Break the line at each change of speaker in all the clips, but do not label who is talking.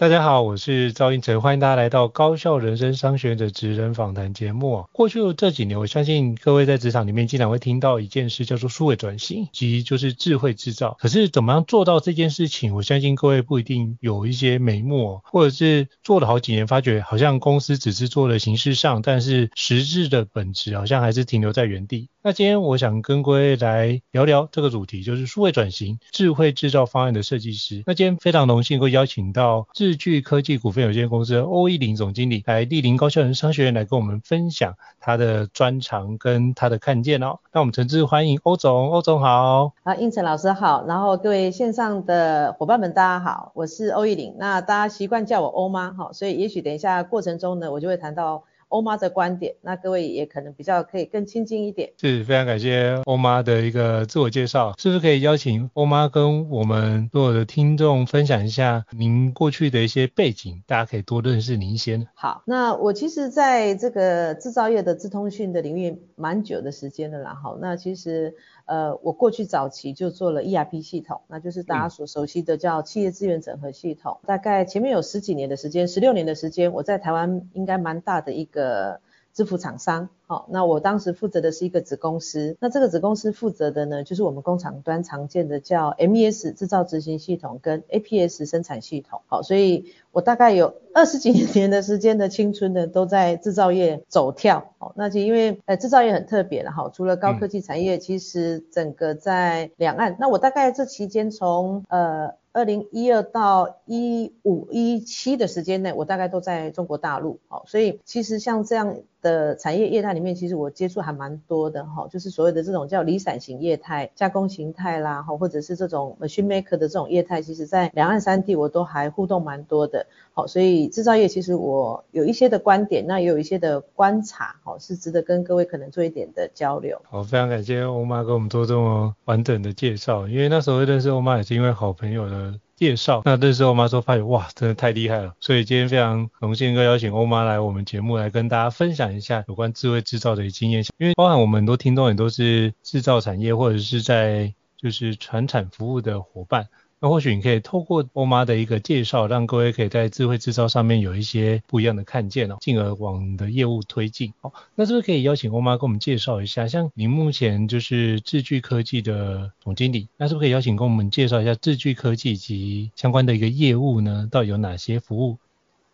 大家好，我是趙胤丞，歡迎大家來到高效人生商學院職人訪談節目。過去這幾年，我相信各位在職場裡面經常會聽到一件事，叫做數位轉型即就是智慧製造。可是怎麼樣做到這件事情，我相信各位不一定有一些眉目，或者是做了好幾年，發覺好像公司只是做了形式上，但是實質的本質好像還是停留在原地。那今天我想跟各位來聊聊這個主題，就是數位轉型智慧製造方案的設計師。那今天非常榮幸會邀請到智智炬科技股份有限公司歐俋伶總經理來蒞臨高效人生商學院，來跟我們分享他的專長跟他的看見哦。那我們誠摯歡迎歐總，歐總好。
啊，胤丞老師好，然後各位線上的夥伴們大家好，我是歐俋伶，那大家習慣叫我歐媽。好、哦，所以也許等一下過程中呢，我就會談到。歐媽的觀點，那各位也可能比較可以更親近一點。
是非常感謝歐媽的一個自我介紹。是不是可以邀請歐媽跟我們所有的聽眾分享一下您過去的一些背景，大家可以多認識您一些。
好，那我其實在這個製造業的資通訊的領域蠻久的時間了啦，好，那其實。呃，我過去早期就做了 ERP 系統，那就是大家所熟悉的叫企業資源整合系統。嗯、大概前面有十幾年的時間，十六年的時間，我在台灣應該蠻大的一個。支付廠商，好，那我當時負責的是一個子公司，那這個子公司負責的呢，就是我們工廠端常見的叫 MES 製造執行系統跟 APS 生產系統，好，所以我大概有二十幾年的時間的青春呢，都在制造業走跳，好，那就因為呃制造業很特別的哈，除了高科技產業，嗯、其實整個在兩岸，那我大概這期間從呃二零一二到一五一七的時間內，我大概都在中國大陸，好，所以其實像這樣。的產業業態裡面，其實我接觸還蠻多的哈，就是所謂的這種叫離散型業態、加工形態啦，哈，或者是這種 machine maker 的這種業態，其實在兩岸三地我都還互動蠻多的，好，所以製造業其實我有一些的觀點，那也有一些的觀察，好，是值得跟各位可能做一點的交流。
好，非常感謝歐媽給我們做這麼完整的介紹，因為那時候認識歐媽也是因為好朋友的。介紹，那這時候我媽說：“發現哇，真的太厲害了。”所以今天非常榮幸，哥邀請歐媽來我們節目來跟大家分享一下有關智慧製造的經驗，因為包含我們很多聽眾也都是製造產業或者是在就是傳產服務的伙伴。那或許你可以透過歐媽的一個介紹，讓各位可以在智慧製造上面有一些不一樣的看見哦，進而往你的業務推進。哦，那是不是可以邀請歐媽跟我們介紹一下？像您目前就是智炬科技的總經理，那是不是可以邀請跟我們介紹一下智炬科技及相關的一個業務呢？到底有哪些服務？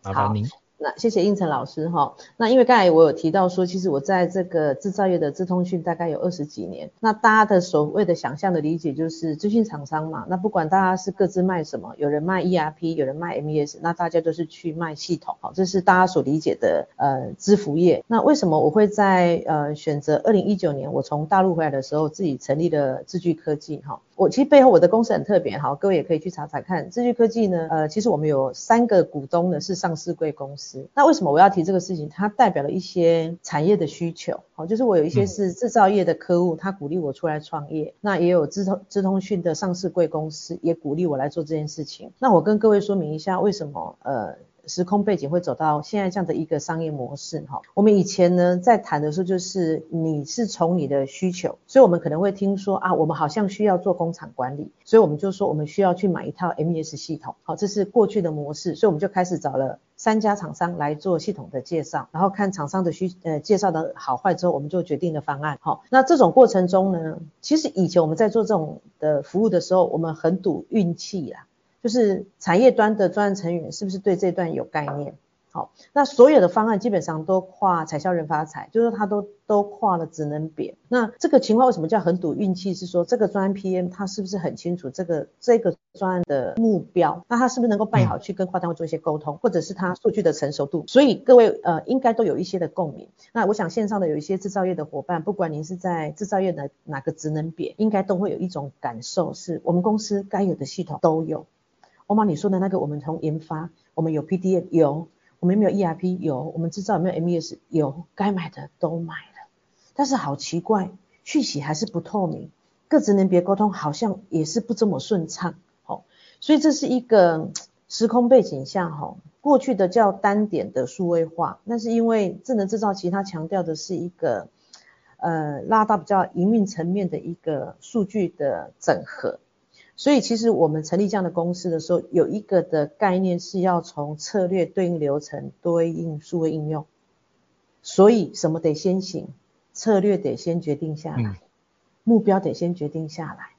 麻煩您。
那謝謝胤丞老師哈。那因為剛才我有提到說，其實我在這個製造業的資通訊大概有二十幾年。那大家的所謂的想象的理解就是，資訊廠商嘛，那不管大家是各自賣什麼，有人賣 ERP，有人賣 MES，那大家都是去賣系統，好，這是大家所理解的呃，資服業。那為什麼我會在呃選擇二零一九年我從大陸回來的時候自己成立了智炬科技哈？我其實背後我的公司很特別，好，各位也可以去查查看。智炬科技呢，呃，其實我們有三個股東呢是上市櫃公司。那為什麼我要提這個事情？它代表了一些產業的需求，好、哦，就是我有一些是制造業的客戶，他鼓勵我出來創業。嗯、那也有資通資通訊的上市櫃公司，也鼓勵我來做這件事情。那我跟各位說明一下為什麼，呃。時空背景會走到現在這樣的一個商業模式哈，我們以前呢在談的時候就是你是從你的需求，所以我們可能會聽說啊，我們好像需要做工廠管理，所以我們就說我們需要去買一套 MES 系統，好，這是過去的模式，所以我們就開始找了三家廠商來做系統的介紹，然後看廠商的需呃介紹的好壞之後，我們就決定了方案，哈、哦，那這種過程中呢，其實以前我們在做這種的服務的時候，我們很賭運氣啊。就是產業端的專案成員是不是對這段有概念？好，那所有的方案基本上都跨產銷人發財，就是說他都都跨了職能別。那這個情況為什麼叫很賭運氣？是說這個專案 PM 他是不是很清楚這個這個專案的目標？那他是不是能夠辦好去跟跨單位做一些溝通，或者是他數據的成熟度？所以各位呃應該都有一些的共鳴。那我想線上的有一些制造業的夥伴，不管您是在制造業的哪個職能別，應該都會有一種感受：是我們公司該有的系統都有。歐媽，你說的那個，我們從研發，我們有 PDF 有，我們有沒有 ERP 有，我們制造有沒有 MES 有，該買的都買了，但是好奇怪，訊息還是不透明，各職能別溝通好像也是不這麼順暢，哦，所以這是一個時空背景下，哈，過去的叫單點的數位化，那是因為智能制造其實它強調的是一個，呃，拉到比較營運層面的一個數據的整合。所以其實我們成立這樣的公司的時候，有一個的概念，是要從策略對應流程，對應數位應用。所以什麼得先行？策略得先決定下來，目標得先決定下來，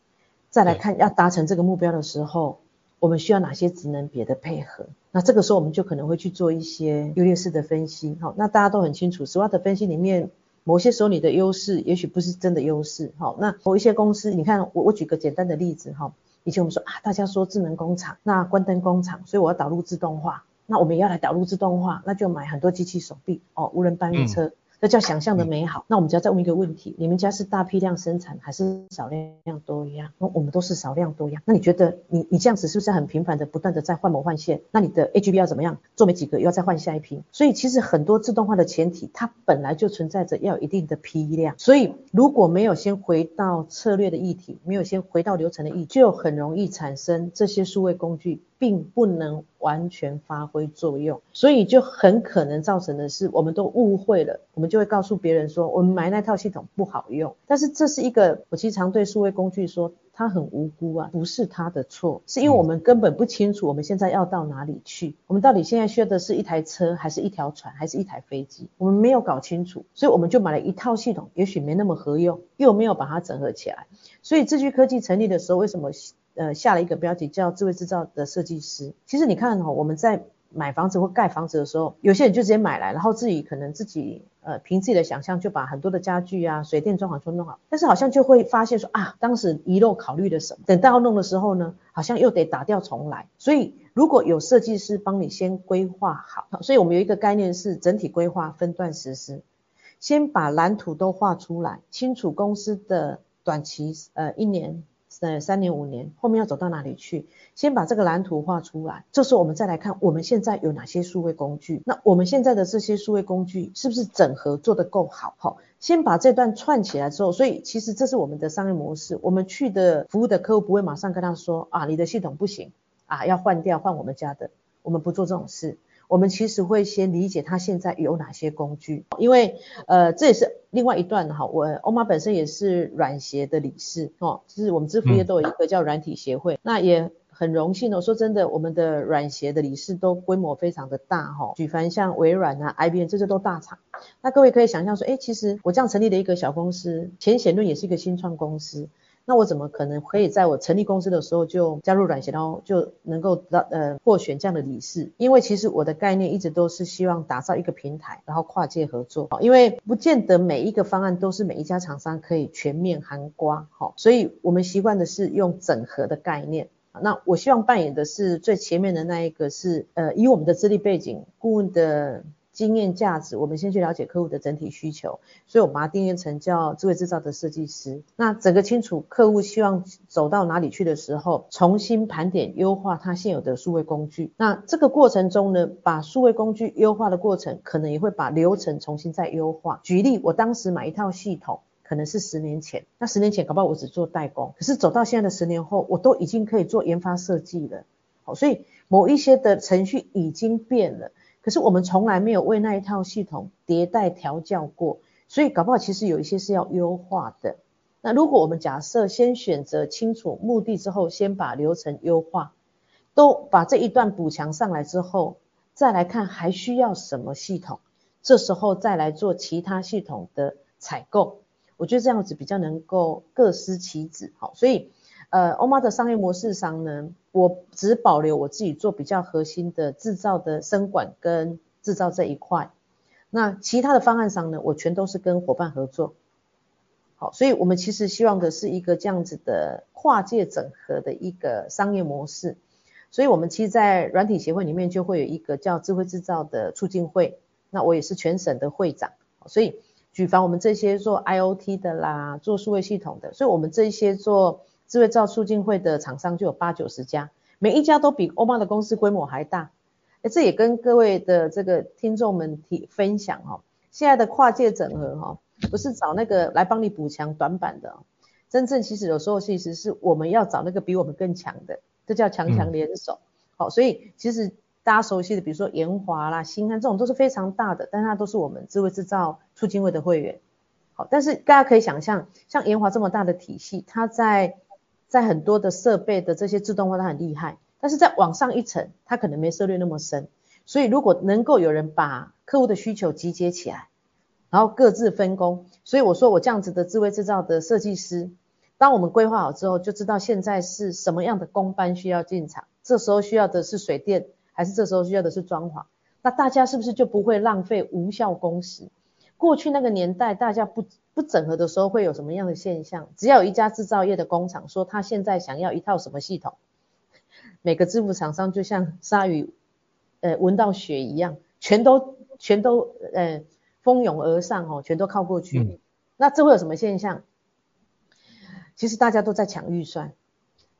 再來看要達成這個目標的時候，我們需要哪些職能別的配合。那這個時候我們就可能會去做一些優劣勢的分析。好，那大家都很清楚 s w 的分析裡面，某些時候你的優勢也許不是真的優勢。好，那某一些公司，你看我我舉個簡單的例子哈。以前我們說啊，大家說智能工廠，那關燈工廠，所以我要導入自動化。那我們也要來導入自動化，那就買很多機器手臂，哦，無人搬運車。嗯那叫想象的美好。嗯、那我們只要再問一個問題：你們家是大批量生產還是少量多一樣？那我們都是少量多一樣。那你覺得你你這樣子是不是很頻繁的不斷的在換模換線？那你的 H B 要怎麼樣做沒幾個，又要再換下一批？所以其實很多自動化的前提，它本來就存在着要有一定的批量。所以如果沒有先回到策略的議題，沒有先回到流程的議題，就很容易產生這些數位工具。並不能完全發揮作用，所以就很可能造成的是，我們都誤會了，我們就會告訴別人說，我們買那套系統不好用。但是這是一個，我經常對數位工具說，它很無辜啊，不是它的錯，是因為我們根本不清楚我們現在要到哪裡去，我們到底現在需要的是一台車，還是一條船，還是一台飛機？我們沒有搞清楚，所以我們就買了一套系統，也許沒那麼合用，又沒有把它整合起來。所以智炬科技成立的時候，為什麼？呃，下了一個標題叫“智慧制造”的設計師。其實你看哈、哦，我們在買房子或蓋房子的時候，有些人就直接買來，然後自己可能自己呃憑自己的想象就把很多的家具啊、水電裝潢都弄好，但是好像就會發現說啊，當時遺漏考慮的什麼，等到要弄的時候呢，好像又得打掉重來。所以如果有設計師幫你先規劃好，所以我們有一個概念是整體規劃、分段實施，先把藍圖都畫出來，清楚公司的短期呃一年。呃，三年五年後面要走到哪裡去？先把這個藍圖畫出來，這時候我們再來看我們現在有哪些數位工具。那我們現在的這些數位工具是不是整合做得夠好？哈，先把這段串起來之後，所以其實這是我們的商業模式。我們去的服務的客戶不會馬上跟他說啊，你的系統不行啊，要換掉換我們家的，我們不做這種事。我們其實會先理解他現在有哪些工具，因為呃這也是另外一段哈，我歐馬本身也是軟協的理事哦，就是我們支付業都有一個叫軟體協會，嗯、那也很榮幸哦。說真的，我們的軟協的理事都規模非常的大哈、哦，舉凡像微軟啊、IBM 這些都大廠，那各位可以想象說，哎，其實我這樣成立了一個小公司，前顯論也是一個新創公司。那我怎麼可能可以在我成立公司的時候就加入軟協，然後就能夠呃獲選這樣的理事？因為其實我的概念一直都是希望打造一個平台，然後跨界合作。因為不見得每一個方案都是每一家廠商可以全面涵蓋哈，所以我們習慣的是用整合的概念。那我希望扮演的是最前面的那一個，是呃以我們的資歷背景，顧問的。經驗價值，我們先去了解客戶的整體需求，所以，我把它定義成叫智慧製造的設計師。那整個清楚客戶希望走到哪裡去的時候，重新盤點優化他現有的數位工具。那這個過程中呢，把數位工具優化的過程，可能也會把流程重新再優化。舉例，我當時買一套系統，可能是十年前，那十年前搞不好我只做代工，可是走到現在的十年後，我都已經可以做研發設計了。好，所以某一些的程序已經變了。可是我們從來沒有為那一套系統迭代調教過，所以搞不好其實有一些是要優化的。那如果我們假設先選擇清楚目的之後，先把流程優化，都把這一段補強上來之後，再來看還需要什麼系統，這時候再來做其他系統的採購，我覺得這樣子比較能夠各司其職。好，所以。呃，Omar 的商業模式上呢，我只保留我自己做比較核心的製造的生管跟製造這一塊。那其他的方案上呢，我全都是跟夥伴合作。好，所以我們其實希望的是一個這樣子的跨界整合的一個商業模式。所以我們其實，在軟體協會裡面就會有一個叫智慧製造的促進會，那我也是全省的會長。所以，舉凡我們這些做 IOT 的啦，做數位系統的，所以我們這些做。智慧製造促進會的廠商就有八九十家，每一家都比歐巴的公司規模還大。哎、欸，這也跟各位的這個聽眾們提分享哦，現在的跨界整合哈、哦，不是找那個來幫你補強短板的、哦，真正其實有時候其實是我們要找那個比我們更強的，這叫強強聯手。好、嗯哦，所以其實大家熟悉的，比如說研華啦、新漢這種都是非常大的，但它都是我們智慧制造促進會的會員。好、哦，但是大家可以想象，像研華這麼大的體系，它在在很多的設備的這些自動化，它很厲害，但是在往上一層，它可能沒涉獵那麼深。所以如果能夠有人把客戶的需求集結起來，然後各自分工。所以我說我這樣子的智慧製造的設計師，當我們規劃好之後，就知道現在是什麼樣的工班需要進場，這時候需要的是水電，還是這時候需要的是裝潢？那大家是不是就不會浪費無效工時？過去那個年代，大家不不整合的時候，會有什麼樣的現象？只要有一家製造業的工廠說他現在想要一套什麼系統，每個支付廠商就像鯊魚，呃，聞到血一樣，全都全都呃，蜂擁而上哦，全都靠過去。嗯、那這會有什麼現象？其實大家都在搶預算。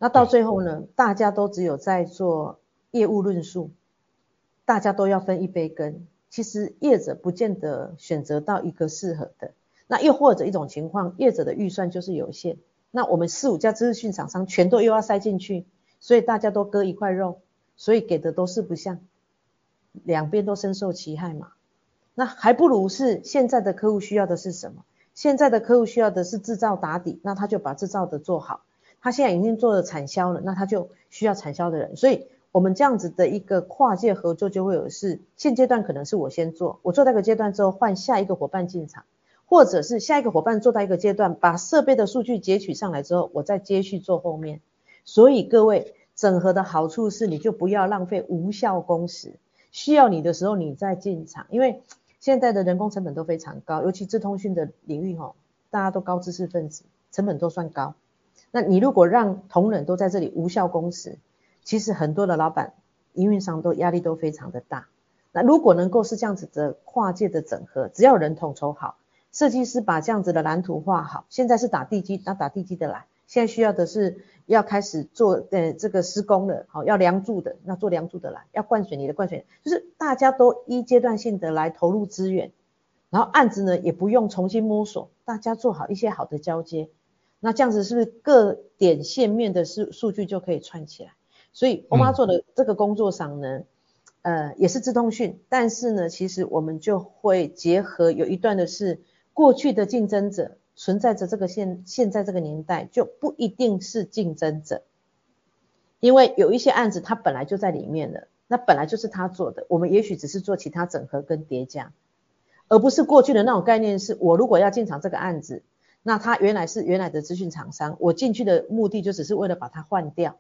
那到最後呢，大家都只有在做業務論述，大家都要分一杯羹。其實業者不見得選擇到一個適合的，那又或者一種情況，業者的預算就是有限，那我們四五家資訊廠商全都又要塞進去，所以大家都割一塊肉，所以給的都四不像，兩邊都深受其害嘛。那還不如是現在的客戶需要的是什麼？現在的客戶需要的是製造打底，那他就把製造的做好。他現在已經做了產銷了，那他就需要產銷的人，所以。我們這樣子的一個跨界合作就會有，是現階段可能是我先做，我做到一個階段之後換下一個夥伴進場，或者是下一個夥伴做到一個階段，把設備的數據截取上來之後，我再接續做後面。所以各位，整合的好處是你就不要浪費無效工時，需要你的時候你再進場，因為現在的人工成本都非常高，尤其資通訊的領域哈，大家都高知識分子，成本都算高。那你如果讓同仁都在這裡無效工時，其實很多的老闆、營運上都壓力都非常的大。那如果能夠是這樣子的跨界的整合，只要有人統籌好，設計師把這樣子的藍圖畫好，現在是打地基，那打地基的來，現在需要的是要開始做，嗯，這個施工了，好，要梁柱的，那做梁柱的來，要灌水泥的灌水泥，就是大家都一階段性的來投入資源，然後案子呢也不用重新摸索，大家做好一些好的交接，那這樣子是不是各點線面的數數據就可以串起來？所以我媽做的這個工作上呢，呃，也是資通訊，但是呢，其實我們就會結合有一段的是過去的競爭者存在着這個現現在這個年代就不一定是競爭者，因為有一些案子它本來就在裡面了，那本來就是他做的，我們也許只是做其他整合跟疊加，而不是過去的那種概念是，我如果要進場這個案子，那它原來是原來的資訊廠商，我進去的目的就只是為了把它換掉。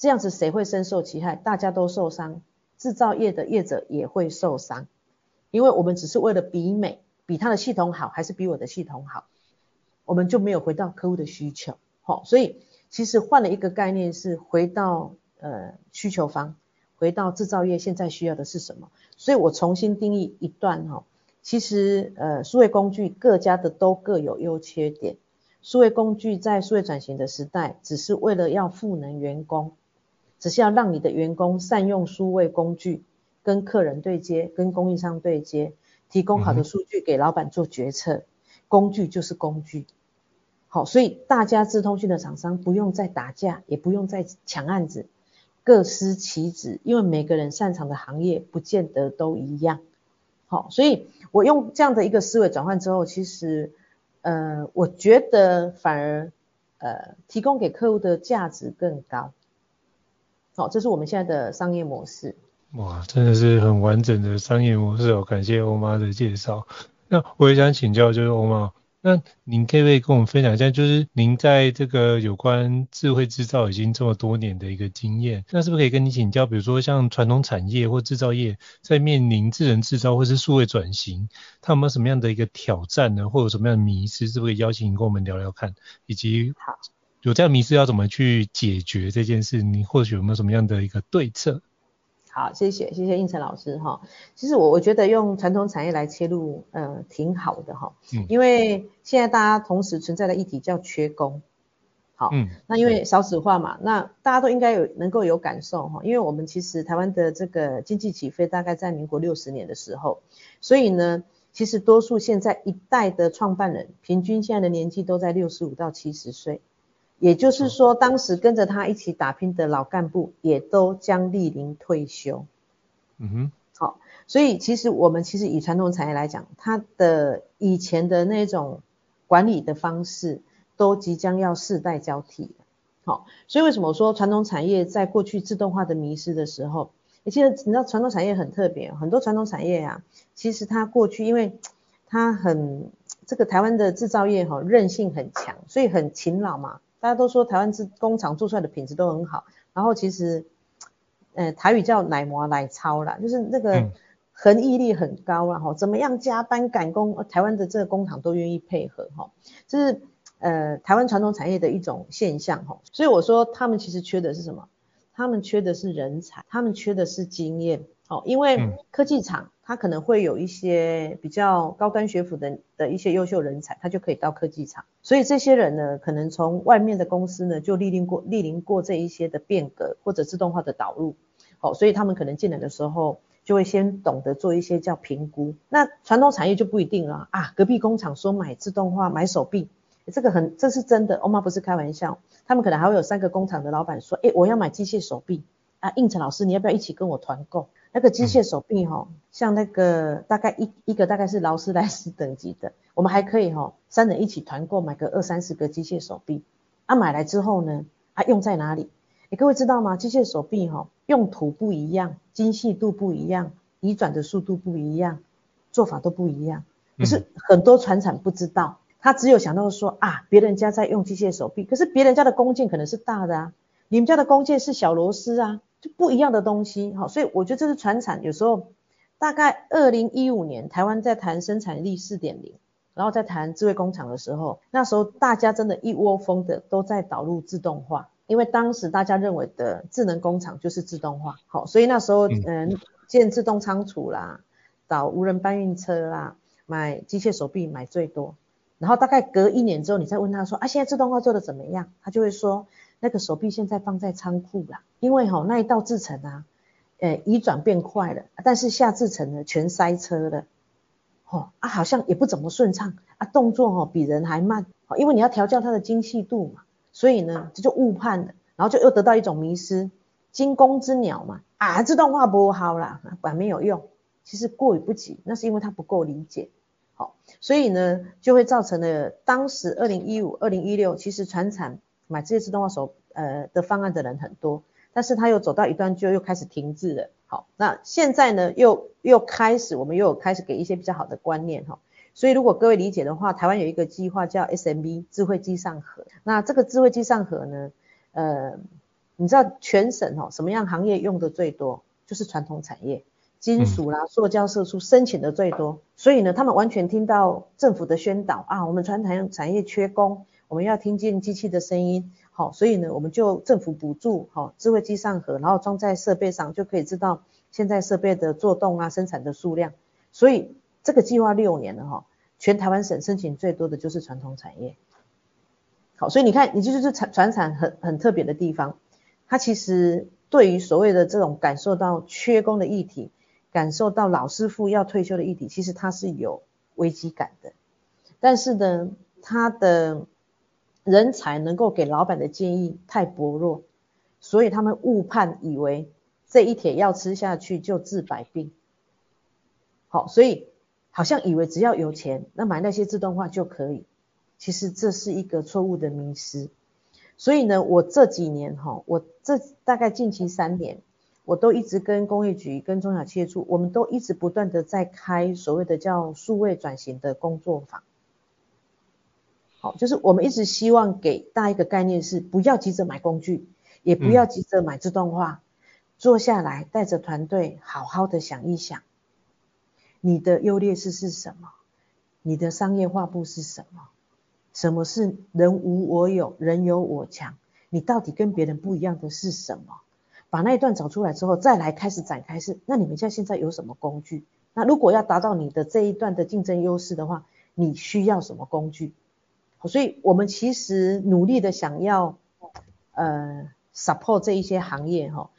這樣子誰會深受其害？大家都受傷，製造業的業者也會受傷，因為我們只是為了比美，比他的系統好還是比我的系統好，我們就沒有回到客戶的需求，好，所以其實換了一個概念是回到呃需求方，回到製造業現在需要的是什麼？所以我重新定義一段哈，其實呃數位工具各家的都各有優缺點，數位工具在數位轉型的時代，只是為了要賦能員工。只是要讓你的員工善用數位工具，跟客人對接，跟供應商對接，提供好的數據給老闆做決策。嗯、哼工具就是工具，好，所以大家資通訊的廠商不用再打架，也不用再搶案子，各司其職，因為每個人擅長的行業不見得都一樣。好，所以我用這樣的一個思維轉換之後，其實呃，我覺得反而呃，提供給客戶的價值更高。好，這是
我們現在的商業模式。哇，真的是很完整的商業模式哦，感謝歐媽的介紹。那我也想請教，就是歐媽，那您可不可以跟我們分享一下，就是您在這個有關智慧製造已經這麼多年的一個經驗，那是不是可以跟你請教，比如說像傳統產業或製造業在面臨智能製造或是數位轉型，它有沒有什麼樣的一個挑戰呢，或者有什麼樣的迷思，是不是可以邀請您跟我們聊聊看，以及。有這樣的迷思，要怎麼去解決這件事？你或許有沒有什麼樣的一個對策？
好，謝謝，謝謝胤丞老師哈。其實我我覺得用傳統產業來切入，嗯、呃，挺好的哈。因為現在大家同時存在的議題叫缺工。嗯、好。嗯、那因為少子化嘛，是那大家都應該有能夠有感受哈。因為我們其實台灣的這個經濟起飛大概在民國六十年的時候，所以呢，其實多數現在一代的創辦人，平均現在的年紀都在六十五到七十歲。也就是說，當時跟着他一起打拼的老幹部也都將面臨退休。嗯哼，好，所以其實我們其實以傳統產業來講，它的以前的那種管理的方式都即將要世代交替。好，所以為什麼說傳統產業在過去自動化的迷失的時候，其實你知道傳統產業很特別，很多傳統產業呀、啊，其實它過去因為它很這個台灣的制造業哈韌性很強，所以很勤勞嘛。大家都說台灣是工廠做出來的品質都很好，然後其實，呃，台語叫奶魔奶超啦，就是那個恆毅力很高然哈，嗯、怎麼樣加班趕工，台灣的這個工廠都願意配合哈，這是呃台灣傳統產業的一種現象哈，所以我說他們其實缺的是什麼？他們缺的是人才，他們缺的是經驗。哦，因為科技廠它可能會有一些比較高端學府的的一些優秀人才，他就可以到科技廠。所以這些人呢，可能從外面的公司呢就歷練過歷練過這一些的變革或者自動化的導入。好，所以他們可能進來的時候就會先懂得做一些叫評估。那傳統產業就不一定了啊，啊，隔壁工廠說買自動化買手臂，這個很這是真的，哦，歐媽不是開玩笑。他們可能還會有三個工廠的老板說，哎，我要買機械手臂啊，胤丞老師你要不要一起跟我團購？那個機械手臂哈、哦，像那個大概一一個大概是勞斯萊斯等級的，我們還可以哈、哦，三人一起團購買個二三十個機械手臂。啊，買來之後呢，啊用在哪裡？哎，各位知道嗎？機械手臂哈、哦、用途不一樣，精細度不一樣，移轉的速度不一樣，做法都不一樣。可是很多傳產不知道，他只有想到說啊，別人家在用機械手臂，可是別人家的工件可能是大的啊，你們家的工件是小螺絲啊。就不一樣的東西，好，所以我覺得這是傳產。有時候大概二零一五年，台灣在談生產力四點零，然後在談智慧工廠的時候，那時候大家真的，一窩蜂的都在導入自動化，因為當時大家認為的智能工廠就是自動化，好，所以那時候嗯，建自動倉儲啦，導無人搬運車啦，買機械手臂買最多。然後大概隔一年之後，你再問他說，啊，現在自動化做得怎麼樣？他就會說。那個手臂現在放在倉庫啦，因為齁那一道製程啊，呃已轉變快了，但是下製程呢全塞車了，齁，啊好像也不怎麼順暢啊，動作齁比人還慢，因為你要調教它的精細度嘛，所以呢，這就誤判了，然後就又得到一種迷思，驚弓之鳥嘛，啊自動化不好啦，管沒有用，其實過猶不及，那是因為他不夠理解，齁，所以呢就會造成了當時二零一五二零一六其實傳產買這些自動化手呃的方案的人很多，但是他又走到一段就又開始停滯了。好，那現在呢又又開始，我們又有開始給一些比較好的觀念哈。所以如果各位理解的話，台灣有一個計劃叫 SMB 智慧機上盒。那這個智慧機上盒呢，呃，你知道全省吼什麼樣行業用的最多？就是傳統產業，金屬啦、塑膠、色素申請的最多。嗯、所以呢，他們完全聽到政府的宣導啊，我們傳統產業缺工。我們要聽見機器的聲音，好，所以呢，我們就政府補助，智慧機上盒，然後裝在設備上，就可以知道現在設備的作動啊，生產的數量。所以這個計劃六年了，哈，全台灣省申請最多的就是傳統產業，好，所以你看，也就是傳傳產很很特別的地方，它其實對於所謂的這種感受到缺工的議題，感受到老師傅要退休的議題，其實它是有危機感的。但是呢，它的人才能夠給老闆的建議太薄弱，所以他們誤判，以為這一帖藥吃下去就治百病。好，所以好像以為只要有錢，那買那些自動化就可以。其實這是一個錯誤的迷思。所以呢，我這幾年哈，我這大概近期三年，我都一直跟工業局、跟中小企業處，我們都一直不斷的在開所謂的叫數位轉型的工作坊。好，就是我們一直希望給大家一個概念是，不要急着買工具，也不要急着買自動化，嗯、坐下來帶着團隊好好的想一想，你的優劣勢是,是什麼？你的商業畫布是什麼？什麼是人無我有，人有我強？你到底跟別人不一樣的是什麼？把那一段找出來之後，再來開始展開是，那你們家現在有什麼工具？那如果要達到你的這一段的競爭優勢的話，你需要什麼工具？所以，我們其實努力的想要呃 support 這一些行業哈。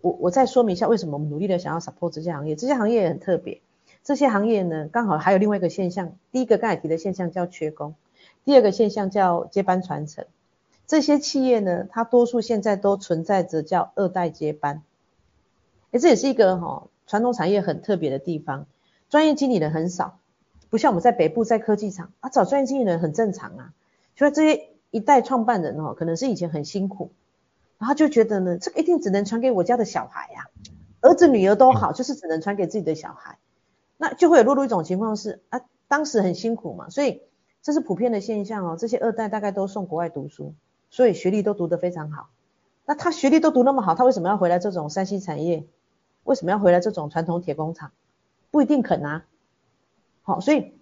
我我再說明一下為什麼我們努力的想要 support 這些行業。這些行業也很特別。這些行業呢，剛好還有另外一個現象，第一個剛才提的現象叫缺工，第二個現象叫接班傳承。這些企業呢，它多數現在都存在着叫二代接班。誒，這也是一個哈傳統產業很特別的地方，專業經理人很少。不像我們在北部在科技廠啊，找專業經理人很正常啊。所以這些一代創辦人哦，可能是以前很辛苦，然後就覺得呢，這個、一定只能傳給我家的小孩呀、啊，兒子女兒都好，就是只能傳給自己的小孩。那就會有落入一種情況是啊，當時很辛苦嘛，所以這是普遍的現象哦。這些二代大概都送國外讀書，所以學歷都讀得非常好。那他學歷都讀那麼好，他為什麼要回來這種山西產業？為什麼要回來這種傳統鐵工廠？不一定肯啊。好、哦，所以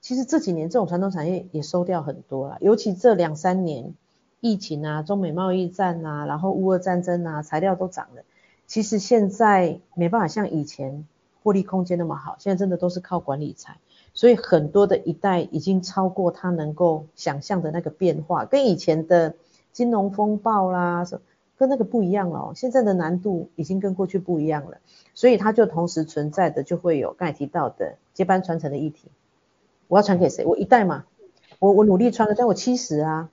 其實這幾年這種傳統產業也收掉很多了，尤其這兩三年疫情啊、中美貿易戰啊、然後烏俄戰爭啊，材料都漲了。其實現在沒辦法像以前獲利空間那麼好，現在真的都是靠管理才。所以很多的一代已經超過他能夠想象的那個變化，跟以前的金融風暴啦什麼，跟那個不一樣哦，現在的難度已經跟過去不一樣了，所以它就同時存在的就會有剛才提到的接班傳承的議題。我要傳給誰？我一代嘛？我我努力傳了，但我七十啊，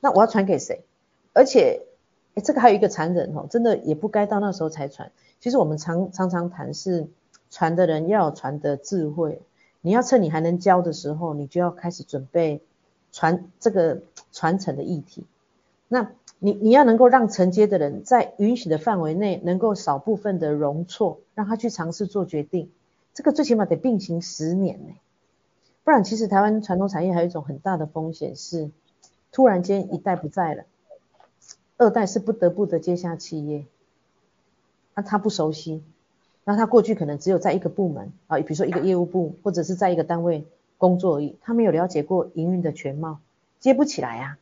那我要傳給誰？而且，哎，這個還有一個殘忍哦，真的也不該到那時候才傳。其實我們常常常談是傳的人要有傳的智慧，你要趁你還能教的時候，你就要開始準備傳這個傳承的議題。那。你你要能夠讓承接的人在允許的範圍內，能夠少部分的容錯，讓他去嘗試做決定。這個最起碼得並行十年呢，欸，不然其實台灣傳統產業還有一種很大的風險是，突然間一代不在了，二代是不得不的接下企業，啊，那他不熟悉，那他過去可能只有在一個部門啊，比如說一個業務部，或者是在一個單位工作而已，他沒有了解過營運的全貌，接不起來啊。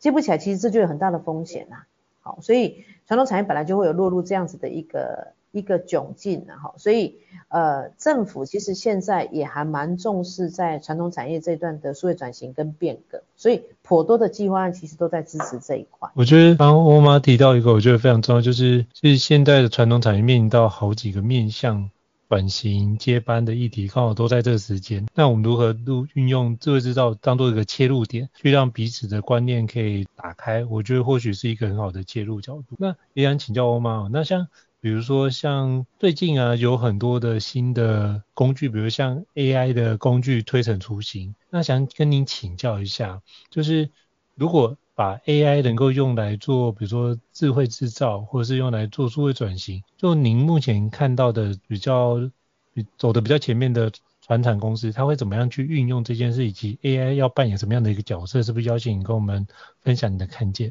接不起來，其實這就有很大的風險啦啊。好，所以傳統產業本來就會有落入這樣子的一個一個窘境。啊，好，所以呃，政府其實現在也還蠻重視在傳統產業這一段的數位轉型跟變革，所以頗多的計劃其實都在支持這一塊。
我覺得剛剛歐媽提到一個我覺得非常重要，就是是現在的傳統產業面臨到好幾個面向。轉型接班的議題剛好都在這個時間，那我們如何運用智慧製造當做一個切入點，去讓彼此的觀念可以打開，我覺得或許是一個很好的切入角度。那也想請教歐媽，那像比如說像最近啊，有很多的新的工具，比如像 AI 的工具推陳出新，那想跟您請教一下，就是如果把 AI 能夠用來做，比如說智慧製造，或者是用來做數位轉型。就您目前看到的比較比走的比較前面的傳統公司，他會怎麼樣去運用這件事，以及 AI 要扮演什麼樣的一個角色？是不是邀請你跟我們分享你的看見？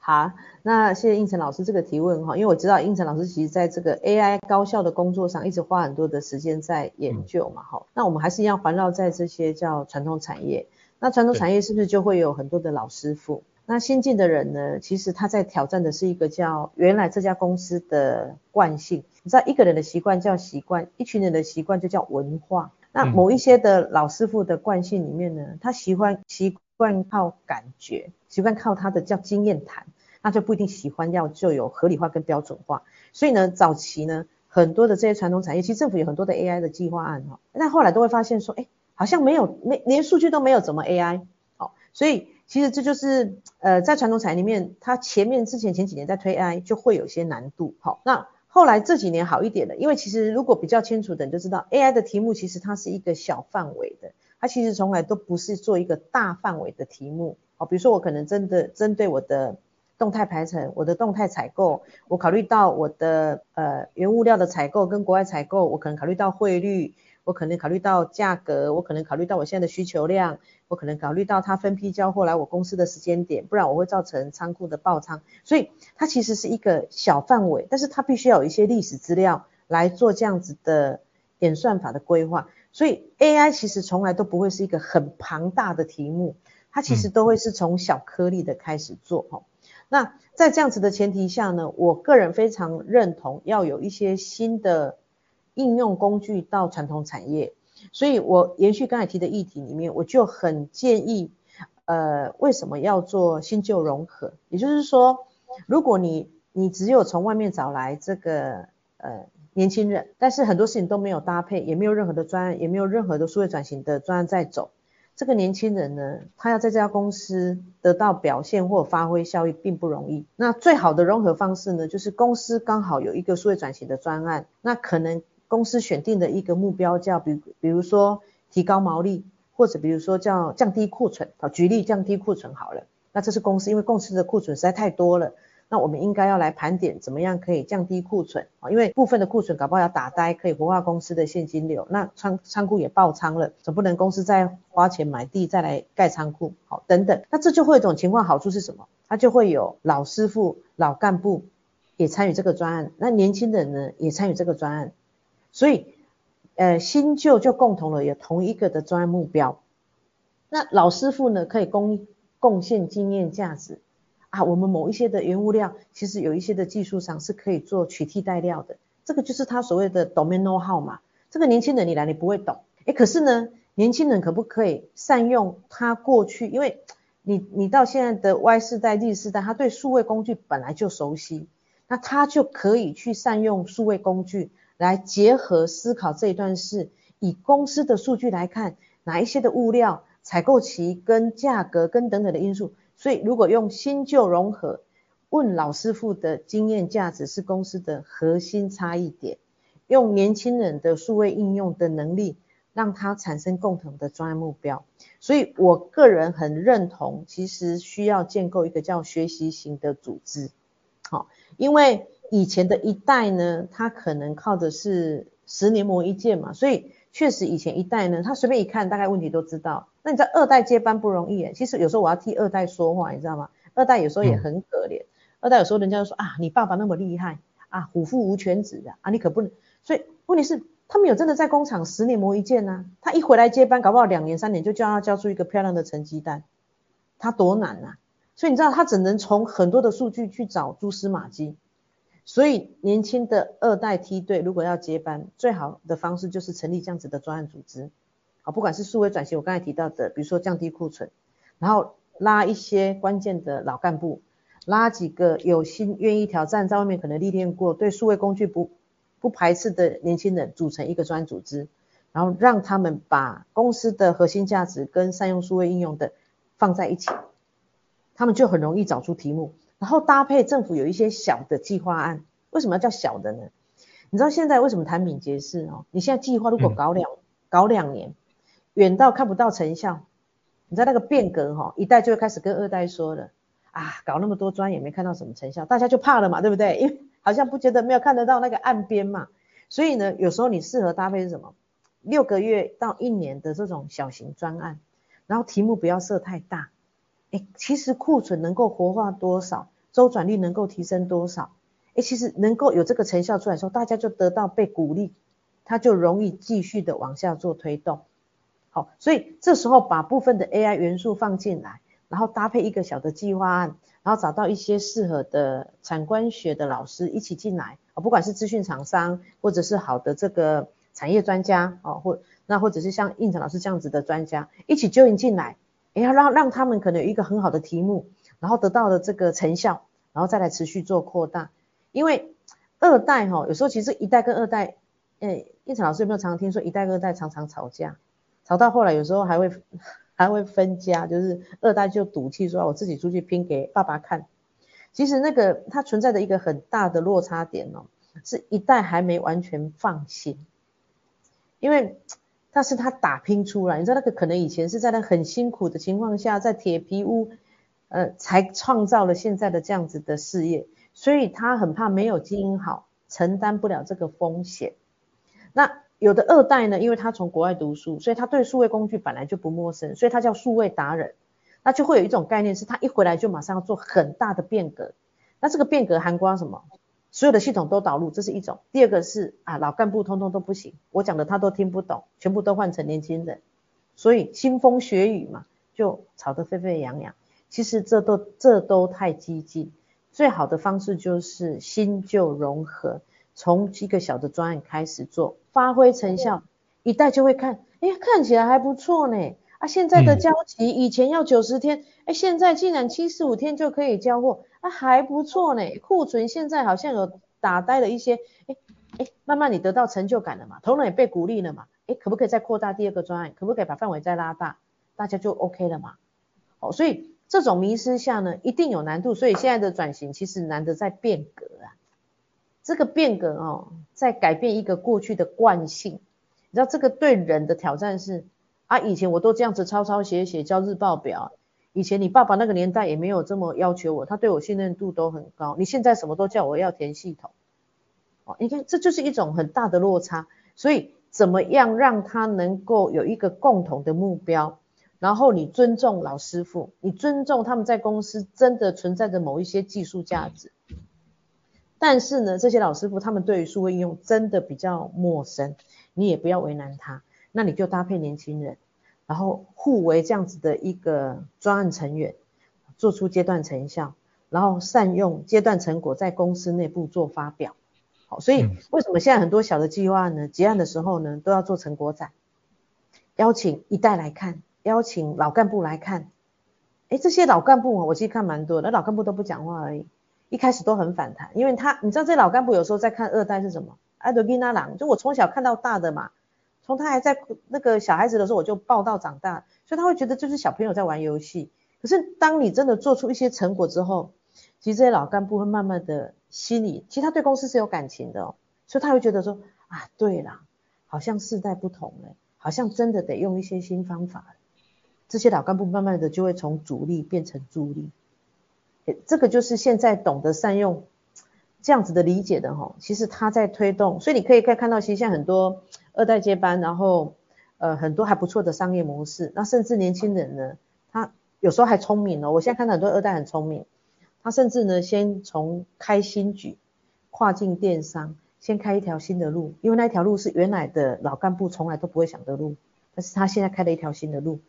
好，那謝謝胤丞老師這個提問哈，因為我知道胤丞老師其實在這個 AI 高效的工作上一直花很多的時間在研究嘛，嗯、那我們還是一樣環繞在這些叫傳統產業，那傳統產業是不是就會有很多的老師傅？那新進的人呢？其實他在挑戰的是一個叫原來這家公司的慣性。你知道，一個人的習慣叫習慣，一群人的習慣就叫文化。那某一些的老師傅的慣性裡面呢，他喜歡習慣靠感覺，習慣靠他的叫經驗談，那就不一定喜歡要就有合理化跟標準化。所以呢，早期呢，很多的這些傳統產業，其實政府有很多的 AI 的計劃案哈、哦，但後來都會發現說，哎，好像沒有沒連數據都沒有怎麼 AI 哦，所以。其實這就是，呃，在傳統產業裡面，它前面之前前幾年在推 AI 就會有些難度，好、哦，那後來這幾年好一點了，因為其實如果比較清楚的你就知道，AI 的題目其實它是一個小範圍的，它其實從來都不是做一個大範圍的題目，好、哦，比如說我可能真的針對我的動態排程、我的動態採購，我考慮到我的呃原物料的採購跟國外採購，我可能考慮到匯率。我可能考慮到價格，我可能考慮到我現在的需求量，我可能考慮到他分批交貨來我公司的時間點，不然我會造成倉庫的爆倉。所以它其實是一個小範圍，但是它必須要有一些歷史資料來做這樣子的演算法的規劃。所以 AI 其實從來都不會是一個很龐大的題目，它其實都會是從小顆粒的開始做哈。嗯、那在這樣子的前提下呢，我個人非常認同要有一些新的。應用工具到傳統產業，所以我延續剛才提的議題裡面，我就很建議，呃，為什麼要做新舊融合？也就是說，如果你你只有從外面找來這個呃年輕人，但是很多事情都沒有搭配，也沒有任何的專案，也沒有任何的數位轉型的專案在走，這個年輕人呢，他要在這家公司得到表現或發揮效益，並不容易。那最好的融合方式呢，就是公司剛好有一個數位轉型的專案，那可能。公司選定的一個目標叫，比比如說提高毛利，或者比如說叫降低庫存。好，舉例降低庫存好了。那這是公司，因為公司的庫存實在太多了，那我們應該要來盤點，怎麼樣可以降低庫存？好，因為部分的庫存搞不好要打呆，可以活化公司的現金流。那倉倉庫也爆倉了，總不能公司再花錢買地再來蓋倉庫，好等等。那這就會有一種情況，好處是什麼？它就會有老師傅、老幹部也參與這個專案，那年輕人呢也參與這個專案。所以，呃，新舊就共同了有同一個的專業目標。那老師傅呢，可以貢貢獻經驗價值啊。我們某一些的原物料，其實有一些的技術上是可以做取替代料的。這個就是他所謂的 domain know-how 嘛。這個年輕人你來，你不會懂。哎，可是呢，年輕人可不可以善用他過去？因為你你到現在的 Y 世代、Z 世代，他對數位工具本來就熟悉，那他就可以去善用數位工具。來結合思考這一段，是以公司的數據來看，哪一些的物料採購期跟價格跟等等的因素。所以如果用新舊融合，問老師傅的經驗價值是公司的核心差異點，用年輕人的數位應用的能力，讓他產生共同的專業目標。所以我個人很認同，其實需要建構一個叫學習型的組織，好，因為。以前的一代呢，他可能靠的是十年磨一劍嘛，所以確實以前一代呢，他隨便一看大概問題都知道。那你在二代接班不容易，其實有時候我要替二代說話，你知道嗎？二代有時候也很可憐。嗯、二代有時候人家說啊，你爸爸那麼厲害啊，虎父無犬子的啊，你可不能。所以問題是，他們有真的在工廠十年磨一劍呢、啊？他一回來接班，搞不好兩年三年就叫他交出一個漂亮的成績單，他多難吶、啊！所以你知道他只能從很多的數據去找蛛絲馬跡。所以年輕的二代梯隊如果要接班，最好的方式就是成立這樣子的專案組織。啊，不管是數位轉型，我剛才提到的，比如說降低庫存，然後拉一些關鍵的老幹部，拉幾個有心願意挑戰，在外面可能歷練過，對數位工具不不排斥的年輕人，組成一個專案組織，然後讓他們把公司的核心價值跟善用數位應用的放在一起，他們就很容易找出題目。然後搭配政府有一些小的計劃案，為什麼要叫小的呢？你知道現在為什麼談敏捷式哦？你現在計劃如果搞兩搞兩年，遠到看不到成效。你在那個變革哈，一代就會開始跟二代說了啊，搞那麼多專也沒看到什麼成效，大家就怕了嘛，對不對？因為好像不覺得沒有看得到那個岸邊嘛，所以呢，有時候你適合搭配是什麼？六個月到一年的這種小型專案，然後題目不要設太大。誒、欸，其實庫存能夠活化多少，周轉率能夠提升多少？誒、欸，其實能夠有這個成效出來的時候，大家就得到被鼓勵，他就容易繼續的往下做推動。好，所以這時候把部分的 AI 元素放進來，然後搭配一個小的計劃案，然後找到一些適合的產官學的老師一起進來，啊、哦，不管是資訊廠商或者是好的這個產業專家，哦，或那或者是像胤丞老師這樣子的專家一起 join 進來。也要讓讓他們可能有一個很好的題目，然後得到了這個成效，然後再來持續做擴大。因為二代哈，有時候其實一代跟二代，哎、欸，胤丞老師有沒有常聽說一代跟二代常常吵架，吵到後來有時候還會還會分家，就是二代就賭氣說我自己出去拼給爸爸看。其實那個它存在的一個很大的落差點哦、喔，是一代還沒完全放心，因為。但是他打拼出來，你知道那個可能以前是在那很辛苦的情況下，在鐵皮屋，呃，才創造了現在的這樣子的事業，所以他很怕沒有經營好，承擔不了這個風險。那有的二代呢，因為他從國外讀書，所以他對數位工具本來就不陌生，所以他叫數位達人，那就會有一種概念是，他一回來就馬上要做很大的變革。那這個變革含括什麼？所有的系統都導入，這是一種。第二個是啊，老幹部通通都不行，我講的他都聽不懂，全部都換成年輕人，所以腥風血雨嘛，就吵得沸沸揚揚。其實，這都這都太激進，最好的方式就是新舊融合，從一個小的專案開始做，發揮成效，嗯、一帶就會看，哎、欸，看起來還不錯呢、欸。啊，現在的交期，以前要九十天，哎、欸，現在竟然七十五天就可以交貨。啊，還不錯呢、欸，庫存現在好像有打呆了一些，誒、欸、誒、欸、慢慢你得到成就感了嘛，同仁也被鼓勵了嘛，誒、欸、可不可以再擴大第二個專案？可不可以把範圍再拉大？大家就 OK 了嘛。哦，所以這種迷思下呢，一定有難度，所以現在的轉型其實難的在變革啊，這個變革哦，在改變一個過去的慣性，你知道這個對人的挑戰是啊，以前我都這樣子抄抄寫寫交日報表。以前你爸爸那個年代也沒有這麼要求我，他對我信任度都很高。你現在什麼都叫我要填系統，哦，你看這就是一種很大的落差。所以怎麼樣讓他能夠有一個共同的目標？然後你尊重老師傅，你尊重他們在公司真的存在着某一些技術價值。但是呢，這些老師傅他們對於數位應用真的比較陌生，你也不要為難他，那你就搭配年輕人。然後互為這樣子的一個專案成員，做出階段成效，然後善用階段成果在公司內部做發表。好、嗯，所以為什麼現在很多小的計劃呢？結案的時候呢，都要做成果展，邀請一代來看，邀請老幹部來看。誒，這些老幹部我其實看蠻多的，那老幹部都不講話而已，一開始都很反彈，因為他，你知道這些老幹部有時候在看二代是什麼？艾、啊、德·賓那朗，就我從小看到大的嘛。從他還在那個小孩子的時候，我就抱到長大，所以他會覺得就是小朋友在玩遊戲。可是當你真的做出一些成果之後，其實這些老幹部會慢慢的心理，其實他對公司是有感情的哦，所以他會覺得說啊，對了，好像世代不同了，好像真的得用一些新方法。這些老幹部慢慢的就會從主力變成助力，這個就是現在懂得善用，這樣子的理解的哈，其實他在推動，所以你可以可以看到，其實現在很多二代接班，然後呃很多還不錯的商業模式，那甚至年輕人呢，他有時候還聰明哦。我現在看到很多二代很聰明，他甚至呢先從開新局，跨境電商先開一條新的路，因為那條路是原來的老幹部從來都不會想的路，但是他現在開了一條新的路，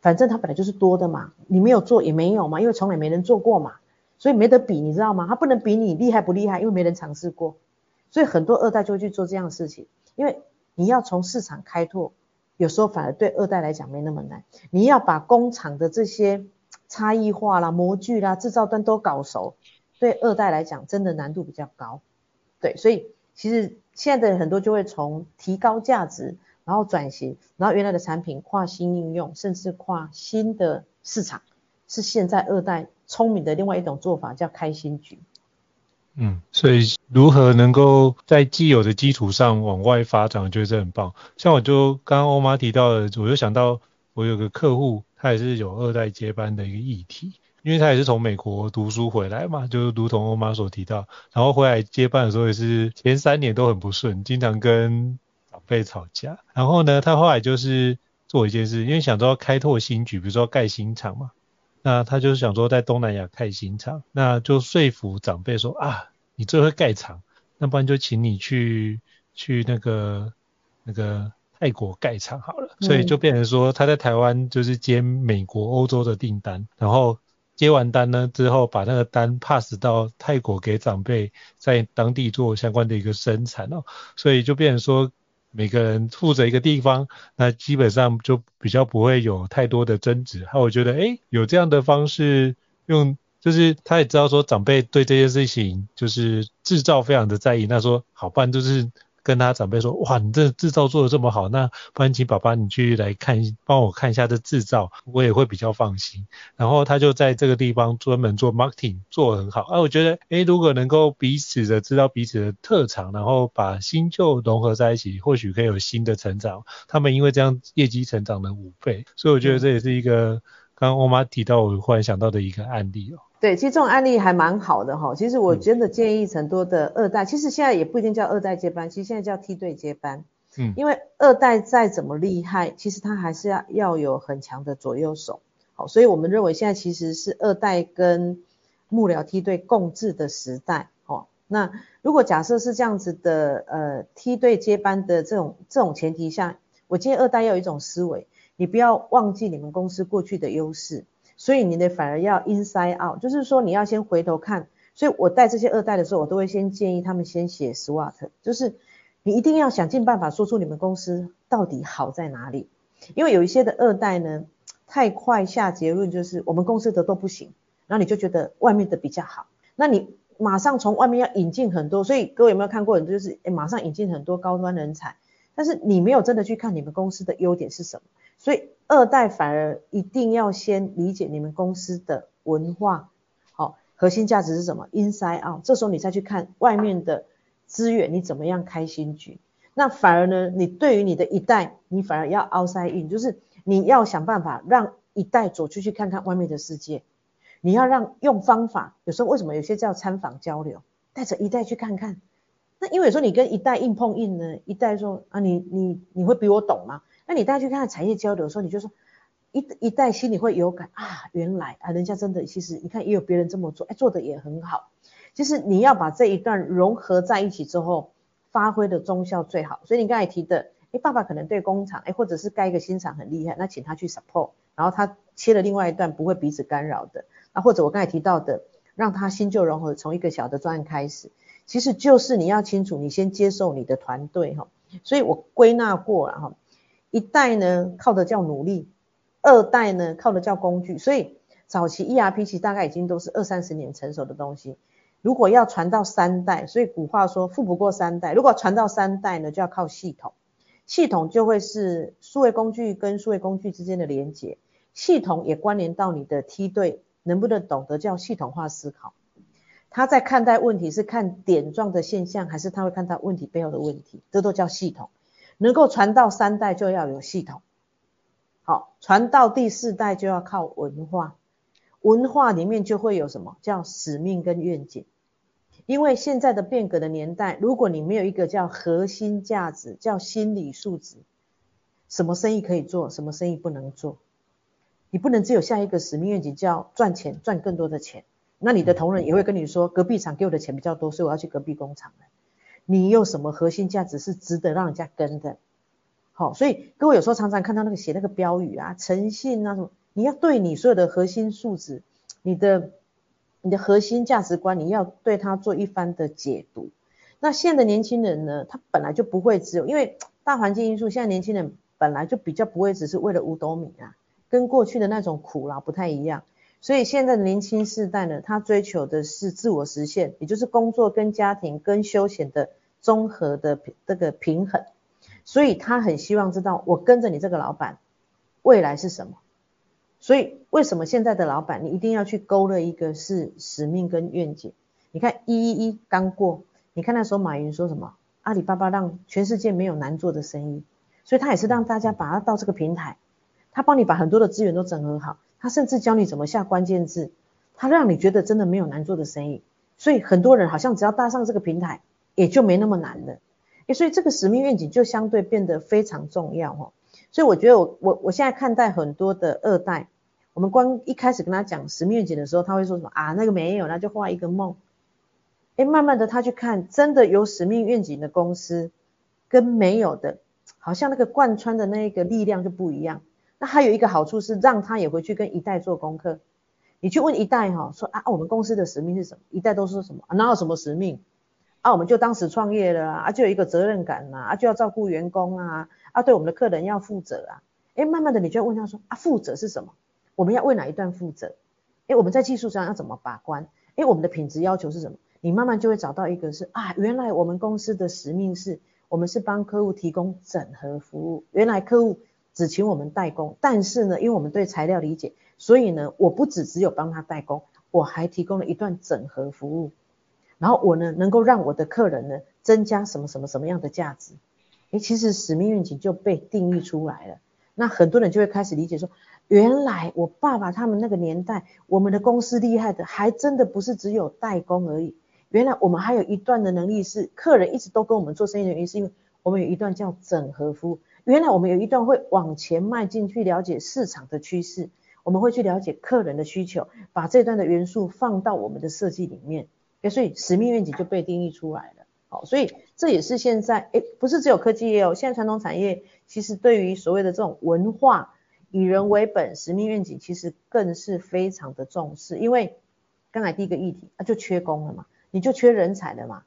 反正他本來就是多的嘛，你沒有做也沒有嘛，因為從來沒人做過嘛。所以沒得比，你知道嗎？他不能比你厲害不厲害，因為沒人嘗試過。所以很多二代就會去做這樣的事情，因為你要從市場開拓，有時候反而對二代來講沒那麼難。你要把工廠的這些差異化啦、模具啦、製造端都搞熟，對二代來講真的難度比較高。對，所以其實現在的很多就會從提高價值，然後轉型，然後原來的產品跨新應用，甚至跨新的市場，是現在二代。聰明的另外一種做法叫開新局。
嗯，所以如何能夠在既有的基礎上往外發展，我覺得這很棒。像我就剛剛歐媽提到的，我就想到我有個客戶，他也是有二代接班的一個議題，因為他也是從美國讀書回來嘛，就如同歐媽所提到，然後回來接班的時候也是前三年都很不順，經常跟長輩吵架。然後呢，他後來就是做一件事，因為想知道開拓新局，比如說蓋新廠嘛。那他就想說在東南亞開新廠，那就說服長輩說啊，你最會蓋廠，那不然就請你去去那個那個泰國蓋廠好了。所以就變成說他在台灣就是接美國、歐洲的訂單，嗯、然後接完單呢之後，把那個單 pass 到泰國給長輩在當地做相關的一個生產哦，所以就變成說。每個人負責一個地方，那基本上就比較不會有太多的爭執。還有我覺得，誒、欸，有這樣的方式，用就是他也知道說，長輩對這些事情就是制造非常的在意。那說好辦，就是。跟他長輩說，哇，你這制造做得這麼好，那不然請爸爸你去來看，幫我看一下這制造，我也會比較放心。然後他就在這個地方專門做 marketing，做得很好。哎、啊，我覺得，哎，如果能夠彼此的知道彼此的特長，然後把新舊融合在一起，或許可以有新的成長。他們因為這樣業績成長了五倍，所以我覺得這也是一個，剛剛歐媽提到，我忽然想到的一個案例哦。
對，其實這種案例還蠻好的哈。其實我真的建議很多的二代，嗯、其實現在也不一定叫二代接班，其實現在叫梯隊接班。嗯，因為二代再怎麼厲害，其實他還是要要有很強的左右手。好，所以我們認為現在其實是二代跟幕僚梯隊共治的時代。好，那如果假設是這樣子的，呃，梯隊接班的這種這種前提下，我建議二代要有一種思維，你不要忘記你們公司過去的優勢。所以你得反而要 inside out，就是說你要先回頭看。所以我帶這些二代的時候，我都會先建議他們先寫 SWOT，就是你一定要想盡辦法說出你們公司到底好在哪裡。因為有一些的二代呢，太快下結論，就是我們公司的都不行，然後你就覺得外面的比較好，那你馬上從外面要引進很多。所以各位有沒有看過很多，就是馬上引進很多高端人才，但是你沒有真的去看你們公司的優點是什麼，所以。二代反而一定要先理解你們公司的文化，好、哦，核心價值是什麼？Inside out，這時候你再去看外面的資源，你怎麼樣開新局？那反而呢，你對於你的一代，你反而要 Outside in，就是你要想辦法讓一代走出去看看外面的世界，你要讓用方法。有時候為什麼有些叫參訪交流，帶着一代去看看？那因為有時候你跟一代硬碰硬呢，一代說啊，你你你會比我懂嗎？那你大家去看看產業交流的時候，你就說一一代心裡會有感啊，原來啊，人家真的其實你看也有別人這麼做，哎，做得也很好。就是你要把這一段融合在一起之後，發揮的忠效最好。所以你剛才提的，誒爸爸可能對工廠，誒或者是蓋一個新廠很厲害，那請他去 support，然後他切了另外一段不會彼此干擾的，啊。那或者我剛才提到的，讓他新舊融合，從一個小的專案開始，其實就是你要清楚，你先接受你的團隊哈。所以我歸納過了哈。一代呢，靠的叫努力；二代呢，靠的叫工具。所以早期 ERP 其實大概已經都是二三十年成熟的東西。如果要傳到三代，所以古話說“富不過三代”。如果傳到三代呢，就要靠系統。系統就會是數位工具跟數位工具之間的連結。系統也關聯到你的梯隊能不能懂得叫系統化思考。他在看待問題是看點狀的現象，還是他會看到問題背後的問題？這都叫系統。能夠傳到三代就要有系統，好，傳到第四代就要靠文化，文化裡面就會有什麼叫使命跟願景。因為現在的變革的年代，如果你沒有一個叫核心價值，叫心理素質，什麼生意可以做，什麼生意不能做，你不能只有下一個使命願景叫賺錢，賺更多的錢，那你的同仁也會跟你說，隔壁廠給我的錢比較多，所以我要去隔壁工廠了你有什麼核心價值是值得讓人家跟的？好，所以各位有時候常常看到那個寫那個標語啊，誠信那、啊、什麼，你要對你所有的核心素質、你的、你的核心價值觀，你要對它做一番的解讀。那現在的年輕人呢，他本來就不會只有，因為大環境因素，現在年輕人本來就比較不會只是為了五斗米啊，跟過去的那種苦勞不太一樣。所以現在的年輕世代呢，他追求的是自我實現，也就是工作跟家庭跟休閒的綜合的這個平衡。所以他很希望知道，我跟着你這個老板，未來是什麼？所以為什麼現在的老板，你一定要去勾勒一個是使命跟願景？你看一一一剛過，你看那時候馬雲說什麼？阿里巴巴讓全世界沒有難做的生意，所以他也是讓大家把它到這個平台，他幫你把很多的資源都整合好。他甚至教你怎麼下關鍵字，他讓你覺得真的沒有難做的生意，所以很多人好像只要搭上這個平台，也就沒那麼難了。誒，所以這個使命願景就相對變得非常重要哦。所以我覺得我我我現在看待很多的二代，我們光一開始跟他講使命願景的時候，他會說什麼啊，那個沒有，那就畫一個夢。誒，慢慢的他去看真的有使命願景的公司，跟沒有的，好像那個貫穿的那個力量就不一樣。那還有一個好處是，讓他也回去跟一代做功課。你去問一代哈、哦，說啊，我們公司的使命是什麼？一代都說什麼啊？哪有什麼使命？啊，我們就當時創業了啊，就有一個責任感吶，啊，啊，就要照顧員工啊，啊，對我們的客人要負責啊。誒，慢慢的你就要問他說啊，負責是什麼？我們要為哪一段負責？誒，我們在技術上要怎麼把關？誒，我們的品質要求是什麼？你慢慢就會找到一個是啊，原來我們公司的使命是，我們是幫客戶提供整合服務。原來客戶。只請我們代工，但是呢，因為我們對材料理解，所以呢，我不只只有幫他代工，我還提供了一段整合服務。然後我呢，能夠讓我的客人呢，增加什麼什麼什麼樣的價值？誒，其實使命願景就被定義出來了。那很多人就會開始理解說，原來我爸爸他們那個年代，我們的公司厲害的，還真的不是只有代工而已。原來我們還有一段的能力是，客人一直都跟我們做生意的原因，是因為我們有一段叫整合服務。原來我們有一段會往前邁進，去了解市場的趨勢，我們會去了解客人的需求，把這段的元素放到我們的設計裡面，哎，所以使命願景就被定義出來了。所以這也是現在，哎，不是只有科技業哦，現在傳統產業其實對於所謂的這種文化、以人為本、使命願景，其實更是非常的重視。因為剛才第一個議題，那就缺工了嘛，你就缺人才了嘛，